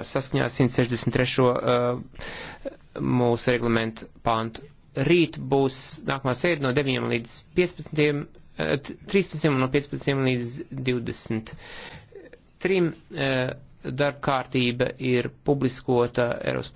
saskaņā 163. Uh, eh, mūsu reglamentu pāntu. Rīt būs nākamā sēde no 9 līdz 15, uh, 13 un no 15 līdz 20. Trim uh, darbkārtība ir publiskota Eiropas.